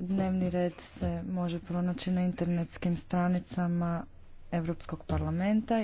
Dnevni red se može pronaći na internetskim stranicama Europskog parlamenta